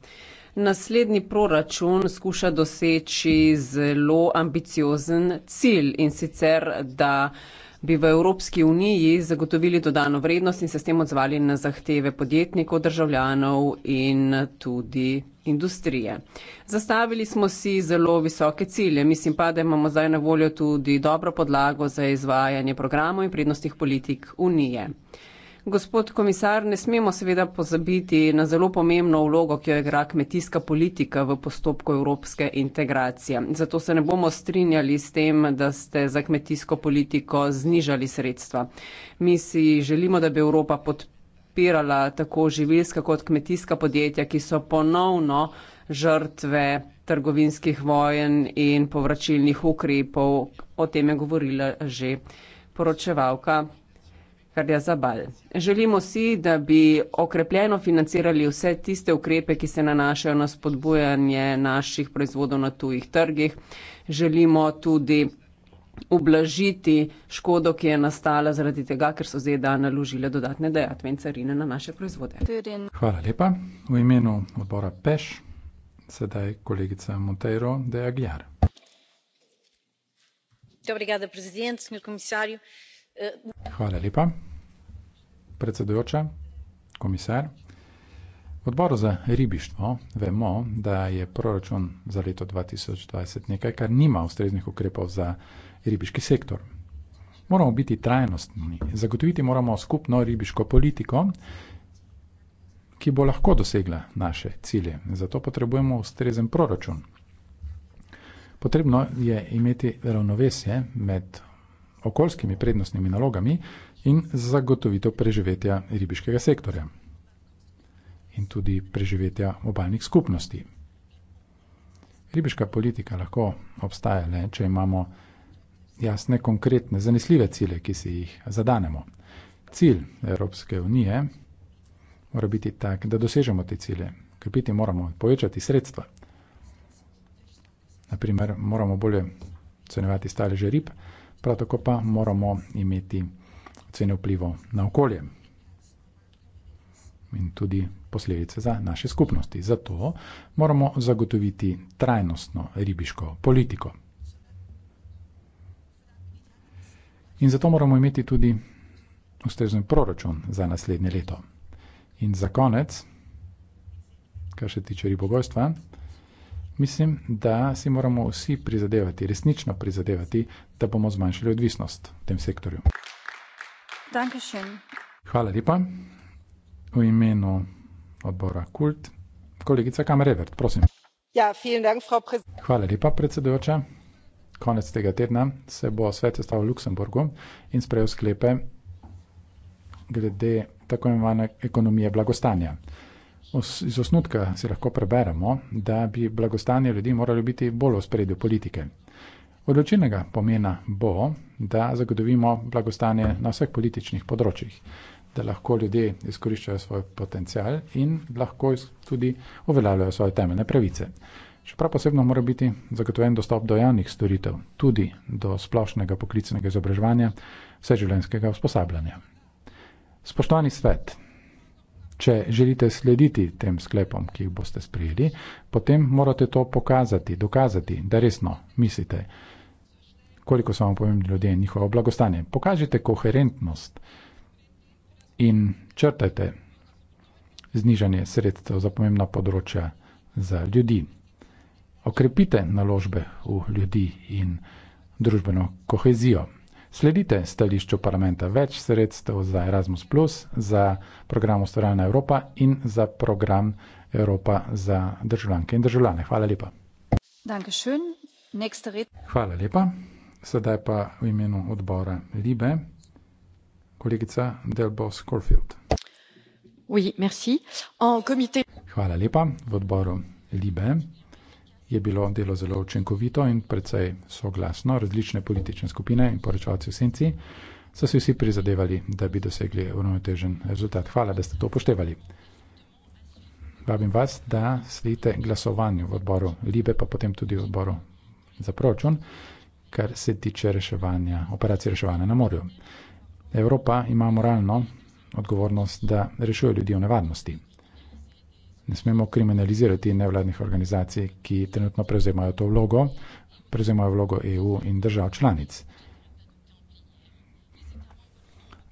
Naslednji proračun skuša doseči zelo ambiciozen cilj in sicer, da bi v Evropski uniji zagotovili dodano vrednost in se s tem odzvali na zahteve podjetnikov, državljanov in tudi industrije. Zastavili smo si zelo visoke cilje. Mislim pa, da imamo zdaj na voljo tudi dobro podlago za izvajanje programov in prednostih politik Unije. Gospod komisar, ne smemo seveda pozabiti na zelo pomembno vlogo, ki jo igra kmetijska politika v postopku evropske integracije. Zato se ne bomo strinjali s tem, da ste za kmetijsko politiko znižali sredstva. Mi si želimo, da bi Evropa podpirala tako živilska kot kmetijska podjetja, ki so ponovno žrtve trgovinskih vojen in povračilnih ukrepov. O tem je govorila že poročevalka Edgarja Zabal. Želimo si, da bi okrepljeno financirali vse tiste ukrepe, ki se nanašajo na spodbujanje naših proizvodov na tujih trgih. Želimo tudi ublažiti škodo, ki je nastala zaradi tega, ker so ZDA naložile dodatne dejatve in carine na naše proizvode. Hvala lepa. V imenu odbora Peš, sedaj kolegica Monteiro de Agliar. Hvala lepa predsedujoča, komisar. Odboru za ribištvo vemo, da je proračun za leto 2020 nekaj, kar nima ustreznih ukrepov za ribiški sektor. Moramo biti trajnostni, zagotoviti moramo skupno ribiško politiko, ki bo lahko dosegla naše cilje. Zato potrebujemo ustrezen proračun. Potrebno je imeti ravnovesje med okoljskimi prednostnimi nalogami, in zagotovitev preživetja ribiškega sektorja in tudi preživetja obalnih skupnosti. Ribiška politika lahko obstaja le, če imamo jasne, konkretne, zanesljive cilje, ki si jih zadanemo. Cilj Evropske unije mora biti tak, da dosežemo te cilje. Krepiti moramo povečati sredstva. Naprimer, moramo bolje cenevati staleže rib, prav tako pa moramo imeti ocene vplivov na okolje in tudi posledice za naše skupnosti. Zato moramo zagotoviti trajnostno ribiško politiko. In zato moramo imeti tudi ustrezen proračun za naslednje leto. In za konec, kar se tiče ribogojstva, mislim, da si moramo vsi prizadevati, resnično prizadevati, da bomo zmanjšali odvisnost v tem sektorju. Hvala lepa. V imenu odbora Kult, kolegica Kamerevert, prosim. Ja, dank, Hvala lepa, predsedujoča. Konec tega tedna se bo svet sestavil v Luksemburgu in sprejel sklepe glede tako imenovane ekonomije blagostanja. Iz osnutka si lahko preberemo, da bi blagostanje ljudi moralo biti bolj v spredju politike. Odločilnega pomena bo, da zagotovimo blagostanje na vseh političnih področjih, da lahko ljudje izkoriščajo svoj potencial in lahko tudi uveljavljajo svoje temeljne pravice. Čeprav posebno mora biti zagotovljen dostop do javnih storitev, tudi do splošnega poklicnega izobraževanja, vseživljenjskega usposabljanja. Spoštovani svet, če želite slediti tem sklepom, ki jih boste sprejeli, potem morate to pokazati, dokazati, da resno mislite, koliko so vam pomembni ljudje in njihovo blagostanje. Pokažite koherentnost in črtajte znižanje sredstev za pomembna področja za ljudi. Okrepite naložbe v ljudi in družbeno kohezijo. Sledite stališču parlamenta več sredstev za Erasmus, plus, za program Ustvarjalna Evropa in za program Evropa za državljanke in državljane. Hvala lepa. Danke schön. Nächste Red. Hvala lepa. Sedaj pa v imenu odbora Libe, kolegica Delbos Corfield. Oui, merci. En comité... Hvala lepa. V odboru Libe je bilo delo zelo učinkovito in precej soglasno. Različne politične skupine in poročevalci v senci so si vsi prizadevali, da bi dosegli uravnotežen rezultat. Hvala, da ste to upoštevali. Vabim vas, da sledite glasovanju v odboru Libe, pa potem tudi v odboru za proračun kar se tiče reševanja, operacije reševanja na morju. Evropa ima moralno odgovornost, da rešuje ljudi v nevarnosti. Ne smemo kriminalizirati nevladnih organizacij, ki trenutno prevzemajo to vlogo, prevzemajo vlogo EU in držav članic.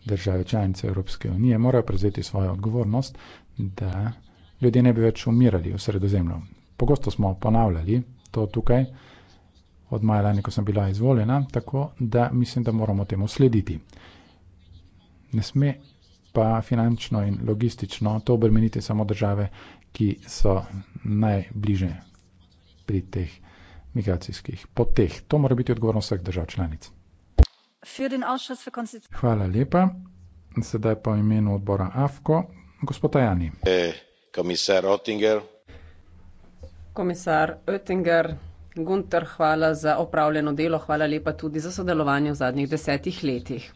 Države članice Evropske unije morajo prevzeti svojo odgovornost, da ljudje ne bi več umirali v sredozemlju. Pogosto smo ponavljali to tukaj, od maja lani, ko sem bila izvoljena, tako da mislim, da moramo temu slediti. Ne sme pa finančno in logistično to obremeniti samo države, ki so najbliže pri teh migracijskih poteh. To mora biti odgovornost vseh držav članic. Hvala lepa. Sedaj pa v imenu odbora AFKO, gospod Tajani. Eh, komisar Oettinger. Komisar Oettinger. Gunter, hvala za opravljeno delo, hvala lepa tudi za sodelovanje v zadnjih desetih letih.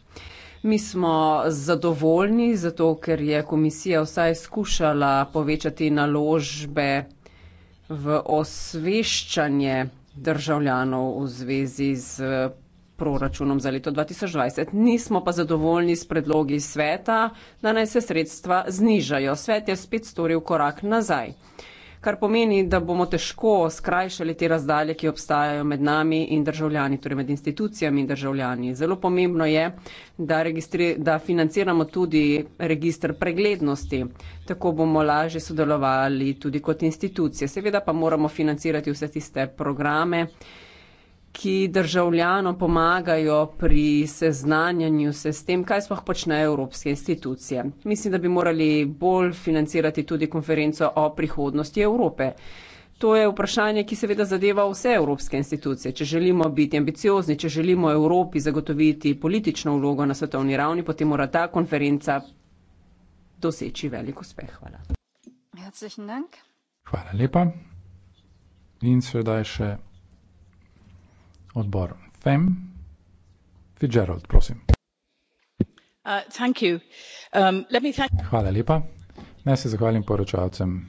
Mi smo zadovoljni, zato ker je komisija vsaj skušala povečati naložbe v osveščanje državljanov v zvezi z eh, proračunom za leto 2020. Nismo pa zadovoljni s predlogi sveta, da naj se sredstva znižajo. Svet je spet storil korak nazaj kar pomeni, da bomo težko skrajšali te razdalje, ki obstajajo med nami in državljani, torej med institucijami in državljani. Zelo pomembno je, da, da financiramo tudi registr preglednosti, tako bomo lažje sodelovali tudi kot institucije. Seveda pa moramo financirati vse tiste programe, ki državljano pomagajo pri seznanjanju se s tem, kaj sploh počnejo evropske institucije. Mislim, da bi morali bolj financirati tudi konferenco o prihodnosti Evrope. To je vprašanje, ki seveda zadeva vse evropske institucije. Če želimo biti ambiciozni, če želimo Evropi zagotoviti politično vlogo na svetovni ravni, potem mora ta konferenca doseči velik uspeh. Hvala. Hvala lepa. In sedaj še odbor femm fitzgerald prosim uh, um, hvala lepa naj se zahvalim poročevalcem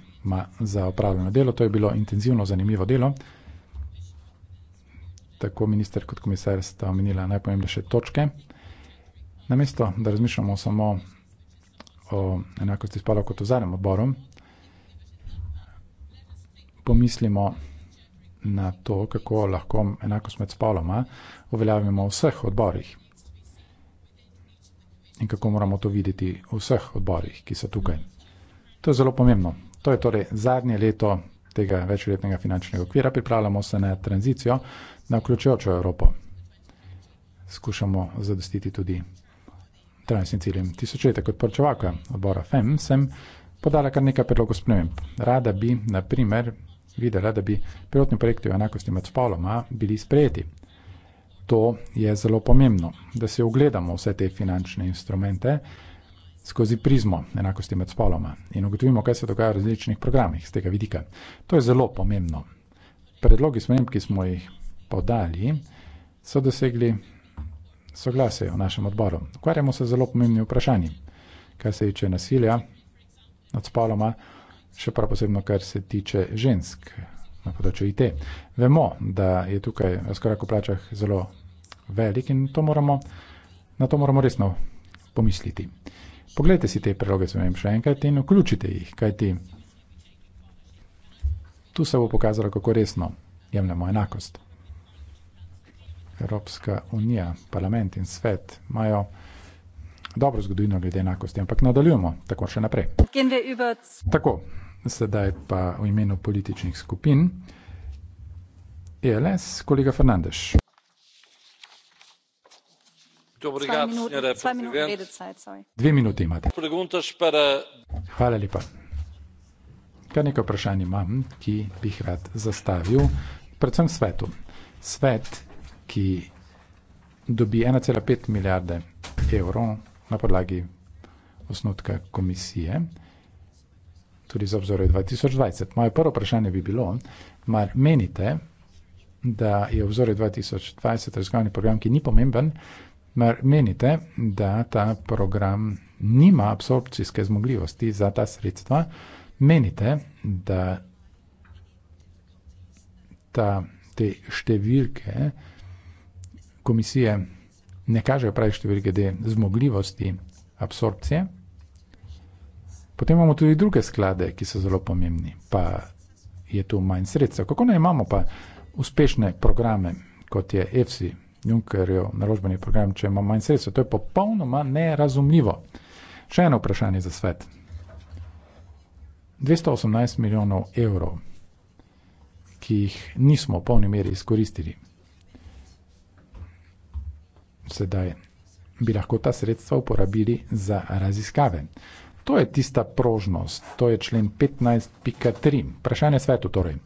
za opravljeno delo to je bilo intenzivno zanimivo delo tako minister kot komisar sta omenila najpomembnejše točke namesto da razmišljamo samo o enakosti spolov kot o zadnjem odboru pomislimo na to, kako lahko enakost med spoloma uveljavimo v vseh odborih. In kako moramo to videti v vseh odborih, ki so tukaj. To je zelo pomembno. To je torej zadnje leto tega večletnega finančnega okvira. Pripravljamo se na tranzicijo na vključujočo Evropo. Skušamo zadostiti tudi trajnostnim ciljem. Tisočletja kot poročevalka odbora FEM sem podala kar nekaj predlogov sprememb. Rada bi, na primer, videla, da bi pilotni projekti o enakosti med spoloma bili sprejeti. To je zelo pomembno, da se ogledamo vse te finančne instrumente skozi prizmo enakosti med spoloma in ugotovimo, kaj se dogaja v različnih programih z tega vidika. To je zelo pomembno. Predlogi sprememb, ki smo jih podali, so dosegli soglasje v našem odboru. Ukvarjamo se z zelo pomembnimi vprašanji. Kaj se tiče nasilja nad spoloma? še prav posebno, kar se tiče žensk na področju IT. Vemo, da je tukaj razkorak v plačah zelo velik in to moramo, na to moramo resno pomisliti. Poglejte si te preloge, se vem, še enkrat in vključite jih, kajti tu se bo pokazalo, kako resno jemljemo enakost. Evropska unija, parlament in svet imajo dobro zgodovino glede enakosti, ampak nadaljujemo tako še naprej. Tako. Sedaj pa v imenu političnih skupin. ELS, kolega Fernandez. Dve minuti imate. Hvala lepa. Kar nekaj vprašanj imam, ki bi jih rad zastavil, predvsem svetu. Svet, ki dobi 1,5 milijarde evrov na podlagi osnutka komisije, tudi za obzorje 2020. Moje prvo vprašanje bi bilo, mar menite, da je obzorje 2020 raziskovalni program, ki ni pomemben, mar menite, da ta program nima absorpcijske zmogljivosti za ta sredstva, menite, da ta, te številke komisije ne kažejo pravi številke glede zmogljivosti absorpcije. Potem imamo tudi druge sklade, ki so zelo pomembni, pa je tu manj sredstev. Kako ne imamo pa uspešne programe, kot je EFSI, Junckerjev naložbeni program, če imamo manj sredstev? To je popolnoma nerazumljivo. Še eno vprašanje za svet. 218 milijonov evrov, ki jih nismo v polni meri izkoristili, sedaj bi lahko ta sredstva uporabili za raziskave. To je tista prožnost, to je člen 15.3. Vprašanje svetu torej.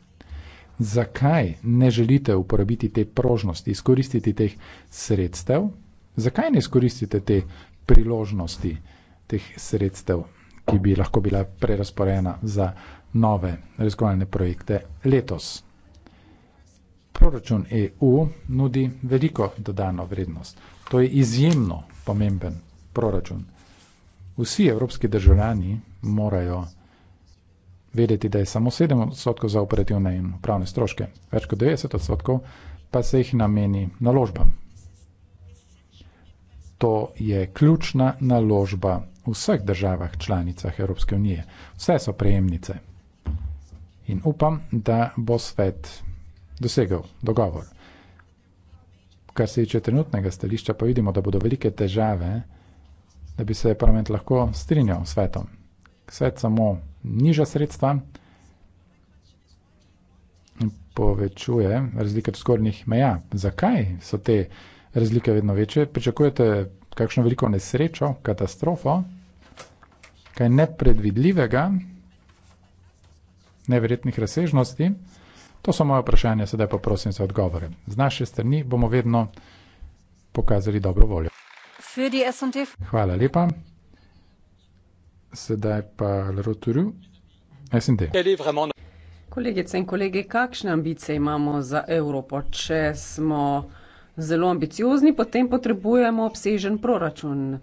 Zakaj ne želite uporabiti te prožnosti, izkoristiti teh sredstev? Zakaj ne izkoristite te priložnosti, teh sredstev, ki bi lahko bila prerasporena za nove raziskovalne projekte letos? Proračun EU nudi veliko dodano vrednost. To je izjemno pomemben proračun. Vsi evropski državljani morajo vedeti, da je samo 7 odstotkov za operativne in upravne stroške, več kot 90 odstotkov pa se jih nameni naložbam. To je ključna naložba v vseh državah članicah Evropske unije. Vse so prejemnice. In upam, da bo svet dosegel dogovor. Kar se tiče trenutnega stališča, pa vidimo, da bodo velike težave da bi se parlament lahko strinjal s svetom. Svet samo niža sredstva in povečuje razlike do skornjih meja. Zakaj so te razlike vedno večje? Pričakujete kakšno veliko nesrečo, katastrofo, kaj nepredvidljivega, neverjetnih razsežnosti? To so moje vprašanja, sedaj pa prosim za odgovore. Z naše strani bomo vedno pokazali dobro voljo für die SD. Hvala lepa. Sedaj pa Roturu, SD. Kolegice in kolegi, kakšne ambicije imamo za Evropo? Če smo zelo ambiciozni, potem potrebujemo obsežen proračun.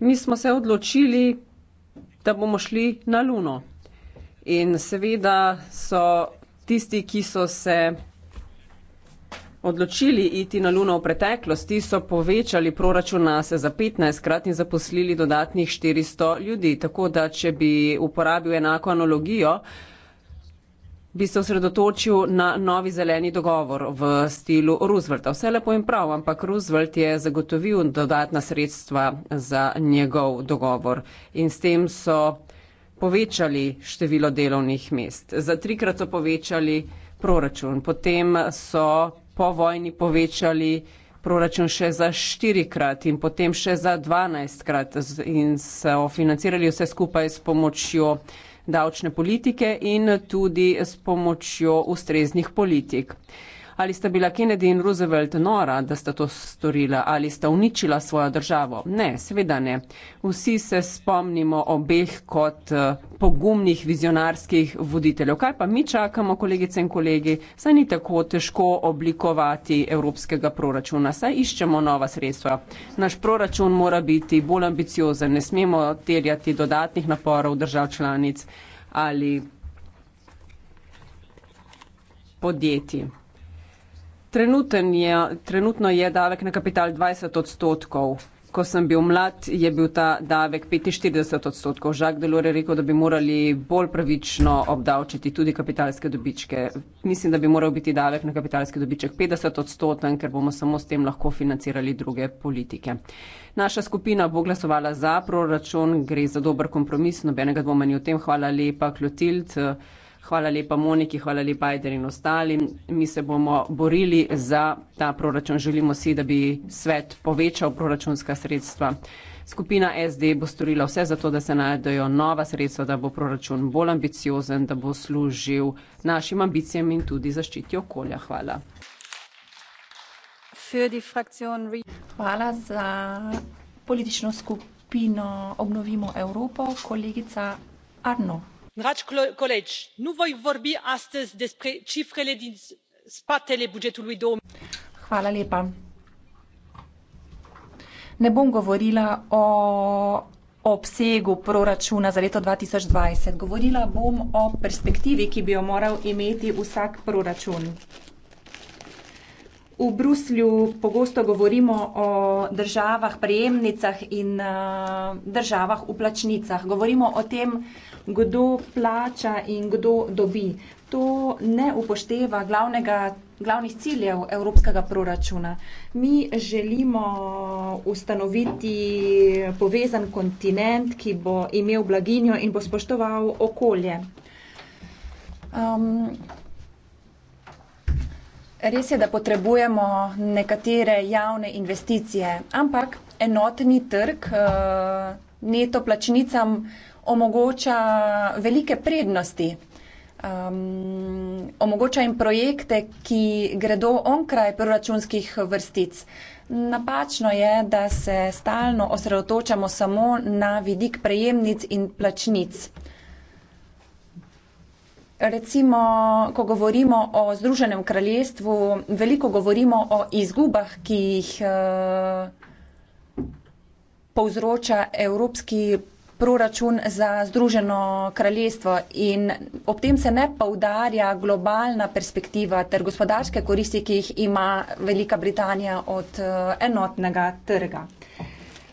Mi smo se odločili, da bomo šli na Luno. In seveda so tisti, ki so se odločili iti na Luno v preteklosti, so povečali proračun na se za 15 krat in zaposlili dodatnih 400 ljudi. Tako da, če bi uporabil enako analogijo, bi se osredotočil na novi zeleni dogovor v stilu Roosevelta. Vse lepo in prav, ampak Roosevelt je zagotovil dodatna sredstva za njegov dogovor in s tem so povečali število delovnih mest. Za trikrat so povečali proračun. Potem so po vojni povečali proračun še za štirikrat in potem še za dvanajstkrat in so financirali vse skupaj s pomočjo davčne politike in tudi s pomočjo ustreznih politik. Ali sta bila Kennedy in Roosevelt nora, da sta to storila, ali sta uničila svojo državo? Ne, seveda ne. Vsi se spomnimo obeh kot eh, pogumnih vizionarskih voditeljev. Kaj pa mi čakamo, kolegice in kolegi? Saj ni tako težko oblikovati evropskega proračuna, saj iščemo nova sredstva. Naš proračun mora biti bolj ambiciozen, ne smemo terjati dodatnih naporov držav članic ali podjetij. Je, trenutno je davek na kapital 20 odstotkov. Ko sem bil mlad, je bil ta davek 45 odstotkov. Žak Delore je rekel, da bi morali bolj pravično obdavčiti tudi kapitalske dobičke. Mislim, da bi moral biti davek na kapitalski dobiček 50 odstoten, ker bomo samo s tem lahko financirali druge politike. Naša skupina bo glasovala za proračun, gre za dober kompromis, nobenega dvoma ni o tem. Hvala lepa, Klotild. Hvala lepa Moniki, hvala lepa Ajder in ostalim. Mi se bomo borili za ta proračun. Želimo si, da bi svet povečal proračunska sredstva. Skupina SD bo storila vse za to, da se najdejo nova sredstva, da bo proračun bolj ambiciozen, da bo služil našim ambicijam in tudi zaščiti okolja. Hvala. Hvala za politično skupino Obnovimo Evropo, kolegica Arno dragi colegi nu voi vorbi astăzi despre cifrele din spatele bugetului. ne bom govorila o obsegu proračuna za leto dva tisoč dvajset govorila bom o perspektivi ki bi jo moral imeti vsak proračun. V Bruslju pogosto govorimo o državah prejemnicah in uh, državah uplačnicah. Govorimo o tem, kdo plača in kdo dobi. To ne upošteva glavnega, glavnih ciljev evropskega proračuna. Mi želimo eh, ustanoviti povezan kontinent, ki bo imel blaginjo in bo spoštoval okolje. Um, Res je, da potrebujemo nekatere javne investicije, ampak enotni trg, eh, neto plačnicam omogoča velike prednosti. Um, omogoča jim projekte, ki gredo onkraj proračunskih vrstic. Napačno je, da se stalno osredotočamo samo na vidik prejemnic in plačnic recimo, ko govorimo o Združenem kraljestvu, veliko govorimo o izgubah, ki jih eh, povzroča evropski proračun za Združeno kraljestvo in ob tem se ne poudarja globalna perspektiva ter gospodarske koristi, ki jih ima Velika Britanija od eh, enotnega trga.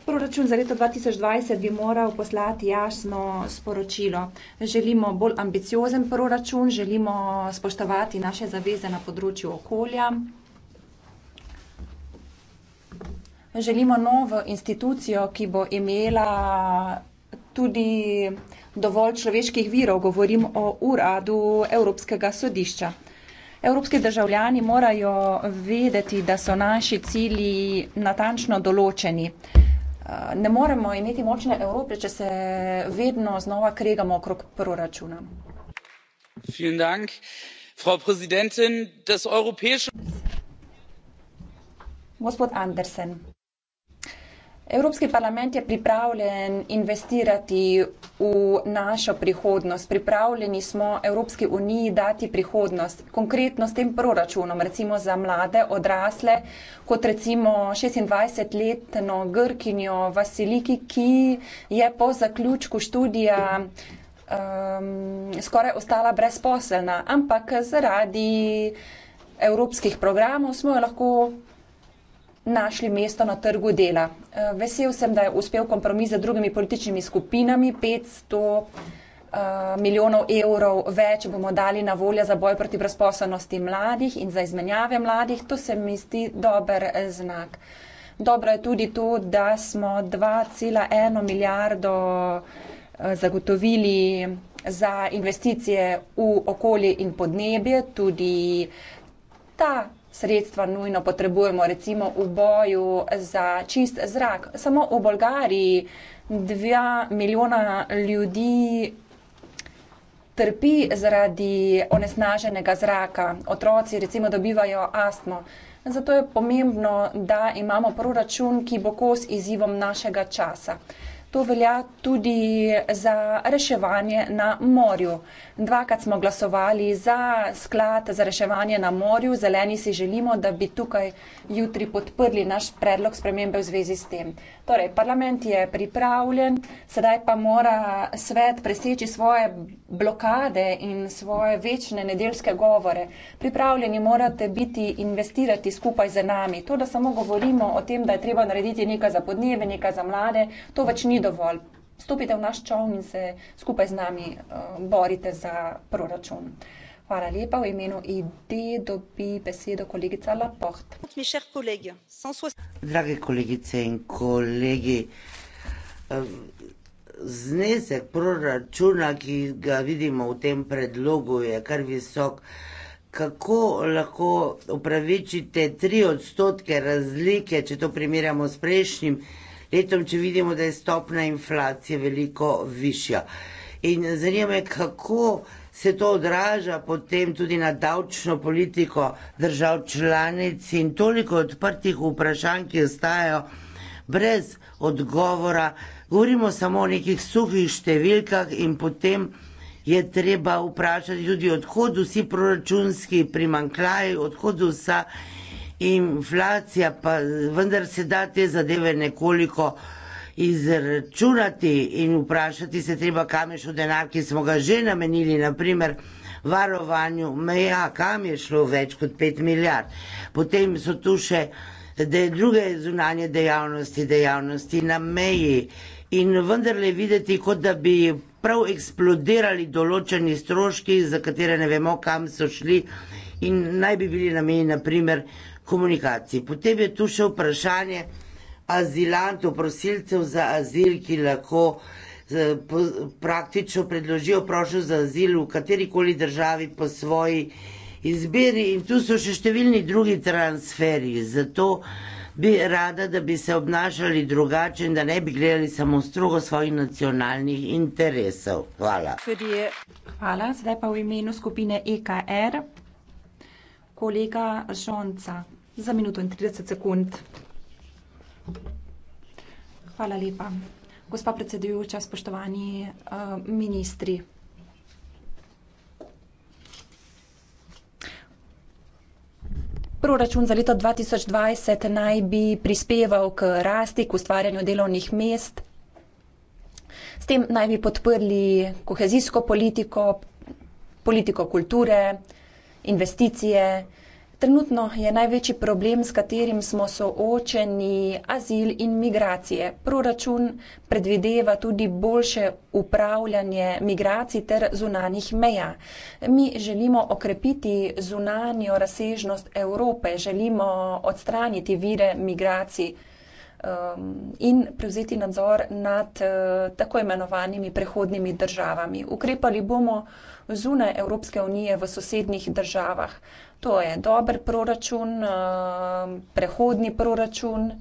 Proračun za leto 2020 bi moral poslati jasno sporočilo. Želimo bolj ambiciozen proračun, želimo spoštovati naše zaveze na področju okolja. Želimo novo institucijo, ki bo imela tudi dovolj človeških virov, govorim o uradu Evropskega sodišča. Evropski državljani morajo vedeti, da so naši cilji natančno določeni ne moremo imeti močne Evrope, če se vedno znova kregamo okrog proračuna. Gospod Andersen. Evropski parlament je pripravljen investirati v našo prihodnost. Pripravljeni smo Evropski uniji dati prihodnost, konkretno s tem proračunom, recimo za mlade, odrasle, kot recimo 26-letno Grkinjo Vasiliki, ki je po zaključku študija um, skoraj ostala brezposelna, ampak zaradi evropskih programov smo jo lahko našli mesto na trgu dela. Eh, vesel sem, da je uspel kompromis z drugimi političnimi skupinami. 500 eh, milijonov evrov več bomo dali na voljo za boj proti brezposobnosti mladih in za izmenjave mladih. To se mi zdi dober eh, znak. Dobro je tudi to, da smo 2,1 milijardo zagotovili za investicije v okolje in podnebje. Tudi ta sredstva nujno potrebujemo, recimo v boju za čist zrak. Samo v Bolgariji dva milijona ljudi trpi zaradi onesnaženega zraka. Otroci recimo dobivajo astmo. Zato je pomembno, da imamo proračun, ki bo kos izzivom našega časa. To velja tudi za reševanje na morju. Dvakrat smo glasovali za sklad za reševanje na morju. Zeleni si želimo, da bi tukaj jutri podprli naš predlog spremembe v zvezi s tem. Torej, parlament je pripravljen, sedaj pa mora svet preseči svoje blokade in svoje večne nedeljske govore. Pripravljeni morate biti investirati skupaj z nami. To, da samo govorimo o tem, da je treba narediti nekaj za podnebje, nekaj za mlade, to več ni dovolj. Stopite v naš čovn in se skupaj z nami eh, borite za proračun. Hvala lepa. V imenu ID dobi besedo kolegica Laport. Drage kolegice in kolegi, znesek proračuna, ki ga vidimo v tem predlogu, je kar visok. Kako lahko upravičite tri odstotke razlike, če to primerjamo s prejšnjim letom, če vidimo, da je stopna inflacije veliko višja? In zanima me, kako se to odraža potem tudi na davčno politiko držav članic in toliko odprtih vprašanj, ki ostajajo brez odgovora. Govorimo samo o nekih suhih številkah in potem je treba vprašati tudi, odhod vsi proračunski primankljaji, odhod vsa inflacija, pa vendar se da te zadeve nekoliko izračunati in vprašati se treba, kam je šel denar, ki smo ga že namenili, naprimer varovanju meja, kam je šlo več kot 5 milijard. Potem so tu še de, druge zunanje dejavnosti, dejavnosti na meji in vendarle videti, kot da bi prav eksplodirali določeni stroški, za katere ne vemo, kam so šli in naj bi bili namenjeni, naprimer, komunikaciji. Potem je tu še vprašanje, azilantov, prosilcev za azil, ki lahko eh, praktično predložijo prošlost za azil v katerikoli državi po svoji izbiri in tu so še številni drugi transferi. Zato bi rada, da bi se obnašali drugače in da ne bi gledali samo strogo svojih nacionalnih interesov. Hvala. Hvala. Zdaj pa v imenu skupine EKR er. kolega Žonca za minuto in 30 sekund. Hvala lepa. Gospa predsedujoča, spoštovani, eh, ministri. Proračun za leto dva tisoč dvajset naj bi prispeval k rasti, k ustvarjanju delovnih mest, s tem naj bi podprli kohezijsko politiko, politiko kulture, investicije, Trenutno je največji problem, s katerim smo soočeni, azil in migracije. Proračun predvideva tudi boljše upravljanje migracij ter zunanih meja. Mi želimo okrepiti zunanjo razsežnost Evrope, želimo odstraniti vire migracij um, in prevzeti nadzor nad uh, tako imenovanimi prehodnimi državami. Ukrepali bomo zunaj Evropske unije v sosednjih državah. To je dober proračun, eh, prehodni proračun,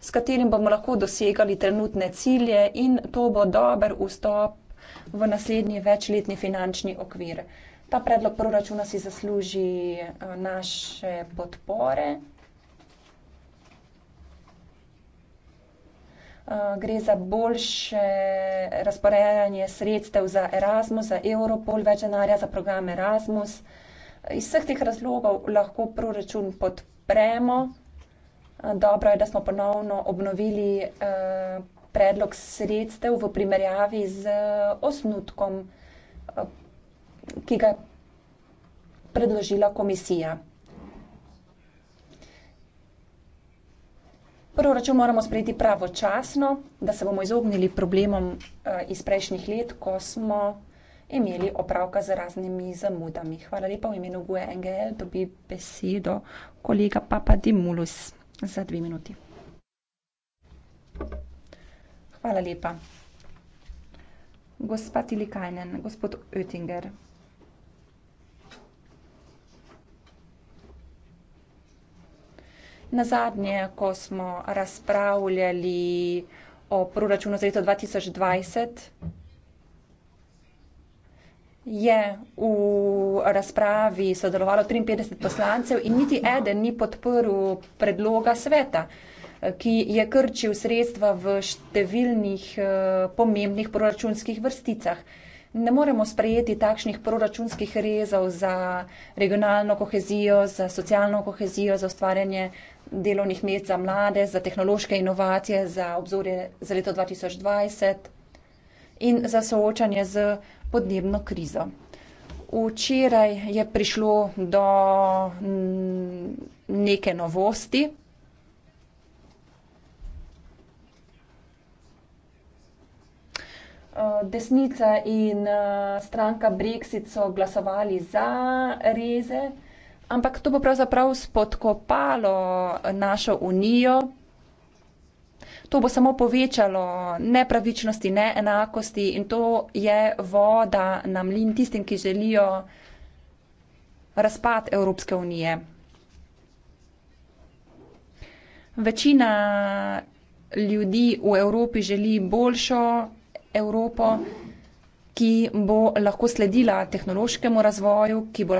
s katerim bomo lahko dosegali trenutne cilje in to bo dober vstop v naslednji večletni finančni okvir. Ta predlog proračuna si zasluži eh, naše podpore. Eh, gre za boljše razporejanje sredstev za Erasmus, za Europol, več denarja za program Erasmus. Iz vseh teh razlogov lahko proračun podpremo. Eh, dobro je, da smo ponovno obnovili eh, predlog sredstev v primerjavi z osnutkom, ki ga je predložila komisija. Proračun moramo sprejeti pravočasno, da se bomo izognili problemom eh, iz prejšnjih let, ko smo imeli opravka z raznimi zamudami. Hvala lepa v imenu GUE NGL, dobi besedo kolega Papa Dimulus za dve minuti. Hvala lepa. Gospa Tilikainen, gospod Oettinger. Na zadnje, ko smo razpravljali o proračunu za leto 2020, je v razpravi sodelovalo 53 poslancev in niti eden ni podprl predloga sveta, ki je krčil sredstva v številnih eh, pomembnih proračunskih vrsticah. Ne moremo sprejeti takšnih proračunskih rezov za regionalno kohezijo, za socialno kohezijo, za ustvarjanje delovnih mest za mlade, za tehnološke inovacije, za obzorje za leto 2020 in za soočanje z podnebno krizo. Včeraj je prišlo do mm, neke novosti. Eh, desnica in eh, stranka Brexit so glasovali za reze ampak to bo pravzaprav spodkopalo našo unijo. To bo samo povečalo nepravičnosti, neenakosti in to je voda na mlin tistim, ki želijo razpad Evropske unije. Večina ljudi v Evropi želi boljšo Evropo, ki bo lahko sledila tehnološkemu razvoju, ki bo lahko.